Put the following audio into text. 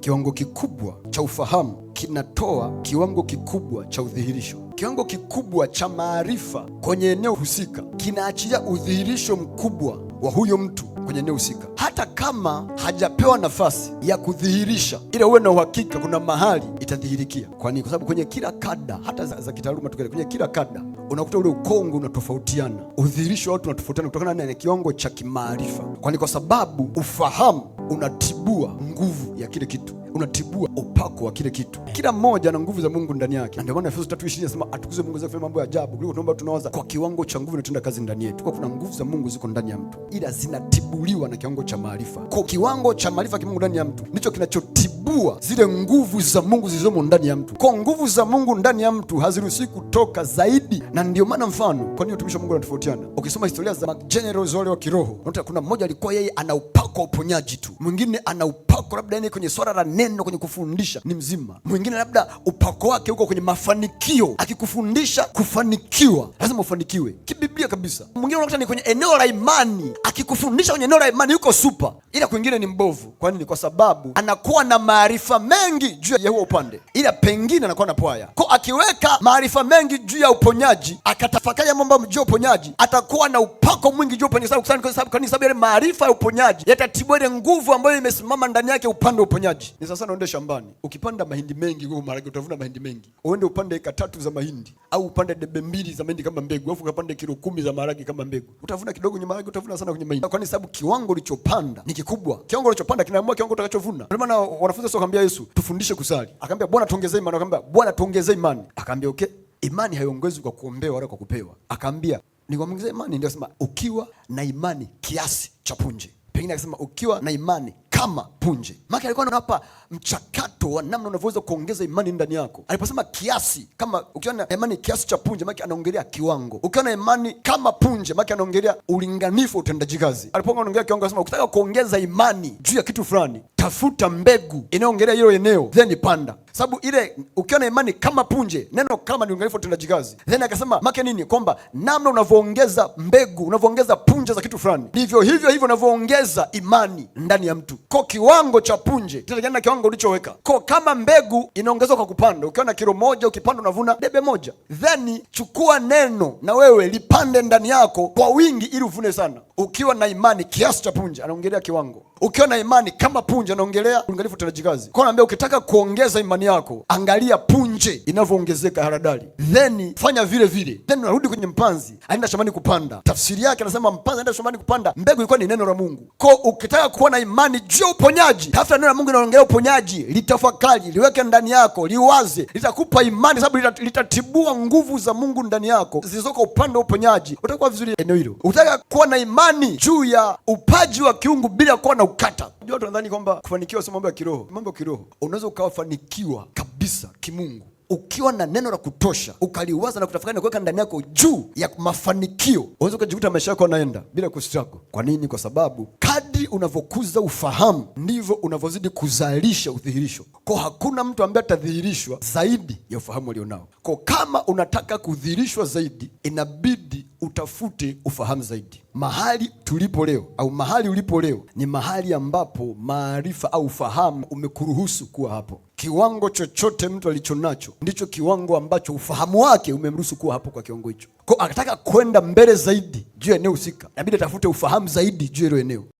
Kiwango kikubwa cha ufahamu kinatoa kiwango kikubwa cha udhihirisho. Kiwango kikubwa cha maarifa kwenye eneo husika kinaachilia udhihirisho mkubwa wa huyo mtu kwenye eneo husika, hata kama hajapewa nafasi ya kudhihirisha, ila uwe na uhakika kuna mahali itadhihirikia. nini? kwa sababu kwenye kila kada, hata za, za kitaaluma tukele, kwenye kila kada unakuta ule ukongo unatofautiana, udhihirisho wa watu unatofautiana kutokana na kiwango cha kimaarifa, kwani kwa sababu ufahamu unatibua nguvu ya kile kitu, unatibua upako wa kile kitu. Kila mmoja ana nguvu za Mungu ndani yake, na ndio maana Efeso 3:20 anasema atukuze Mungu zake mambo ya ajabu kuliko tunaomba tunawaza, kwa kiwango cha nguvu inatenda kazi ndani yetu. Kwa kuna nguvu za Mungu ziko ndani ya mtu, ila zinatibuliwa na kiwango cha maarifa. Kwa kiwango cha maarifa ya Mungu ndani ya mtu ndicho kinachotibua zile nguvu za Mungu zilizomo ndani ya mtu. Kwa nguvu za Mungu ndani ya mtu haziruhusi kutoka zaidi, na ndio maana mfano, kwa nini utumishi wa Mungu unatofautiana? Ukisoma historia za generals wale wa kiroho, unakuta kuna mmoja alikuwa yeye ana upako wa uponyaji tu, mwingine ana upako labda ni kwenye swala la neno, kwenye kufundisha ni mzima. Mwingine labda upako wake uko kwenye mafanikio, akikufundisha kufanikiwa, lazima ufanikiwe kibiblia kabisa. Mwingine unakuta ni kwenye eneo la imani, akikufundisha kwenye eneo la imani yuko supa, ila kwingine ni mbovu. Kwa nini? Kwa sababu anakuwa na maarifa mengi juu ya huo upande, ila pengine anakuwa na pwaya ko. Akiweka maarifa mengi juu ya uponyaji, akatafakari mambo juu ya uponyaji, atakuwa na upako mwingi juu ya uponyaji, kwa sababu yale maarifa ya uponyaji yatatibu ile nguvu nguvu ambayo imesimama ndani yake upande uponyaji. Ni sasa naende shambani, ukipanda mahindi mengi huko maragi utavuna mahindi mengi. Uende upande eka tatu za mahindi au upande debe mbili za mahindi kama mbegu, alafu ukapande kilo kumi za maragi kama mbegu, utavuna kidogo kwenye maragi, utavuna sana kwenye mahindi, kwani sababu kiwango ulichopanda ni kikubwa. Kiwango ulichopanda kinaamua kiwango utakachovuna. Ndio maana wanafunzi sio kaambia Yesu, tufundishe kusali, akamwambia Bwana tuongezee imani, akamwambia Bwana tuongezee imani, akamwambia okay, imani haiongezwi kwa kuombewa wala kwa kupewa, akamwambia ni kwa nikamwongezea imani. Ndio sema ukiwa na imani kiasi cha punje pengine akasema ukiwa na imani kama punje. Maana alikuwa anapa mchakato wa namna unavyoweza kuongeza imani ndani yako. Aliposema kiasi kama, ukiwa na imani kiasi cha punje, maana anaongelea kiwango. Ukiwa na imani kama punje, maana anaongelea ulinganifu wa utendaji kazi. Alipokuwa anaongelea kiwango, anasema ukitaka kuongeza imani juu ya kitu fulani, tafuta mbegu inayoongelea hilo eneo, then panda sababu ile ukiwa na imani kama punje, neno kama ni uangalifu utendaji kazi. Then akasema make nini, kwamba namna unavyoongeza mbegu, unavyoongeza punje za kitu fulani, ndivyo hivyo hivyo unavyoongeza imani ndani ya mtu. Kwa kiwango cha punje kitategemea na kiwango ulichoweka. Kwa kama mbegu inaongezwa kwa kupanda, ukiwa na kilo moja, ukipanda unavuna debe moja. Then chukua neno na wewe lipande ndani yako kwa wingi, ili uvune sana, ukiwa na imani kiasi cha punje. Anaongelea kiwango, ukiwa na imani kama punje punje, naongelea uangalifu utendaji kazi. Kwa naambia ukitaka kuongeza imani yako, angalia punje inavyoongezeka haradali, then fanya vile vile, then unarudi kwenye mpanzi aenda shambani kupanda. Tafsiri yake anasema mpanzi aenda shambani kupanda, mbegu ilikuwa ni neno la Mungu. Kwa ukitaka kuwa na imani juu ya uponyaji, tafuta neno la Mungu inaongelea uponyaji, litafakari, liweke ndani yako, liwaze, litakupa imani, sababu litatibua nguvu za Mungu ndani yako zilizoko upande wa uponyaji, utakuwa vizuri eneo hilo. Utaka kuwa na imani juu ya upaji wa kiungu bila kuwa na ukati ndio watu nadhani kwamba kufanikiwa sio mambo ya kiroho. Mambo ya kiroho, unaweza ukafanikiwa kabisa kimungu ukiwa na neno la kutosha ukaliwaza na kutafakari na kuweka ndani yako juu ya mafanikio, unaweza ukajikuta maisha yako yanaenda bila kustruggle. Kwa nini? Kwa sababu kadri unavyokuza ufahamu ndivyo unavyozidi kuzalisha udhihirisho. Kwa hakuna mtu ambaye atadhihirishwa zaidi ya ufahamu alionao. Kwa kama unataka kudhihirishwa zaidi, inabidi utafute ufahamu zaidi. Mahali tulipo leo au mahali ulipo leo ni mahali ambapo maarifa au ufahamu umekuruhusu kuwa hapo. Kiwango chochote mtu alichonacho ndicho kiwango ambacho ufahamu wake umemruhusu kuwa hapo kwa kiwango hicho. Kwa akataka kwenda mbele zaidi juu ya eneo husika, inabidi atafute ufahamu zaidi juu ya hilo eneo.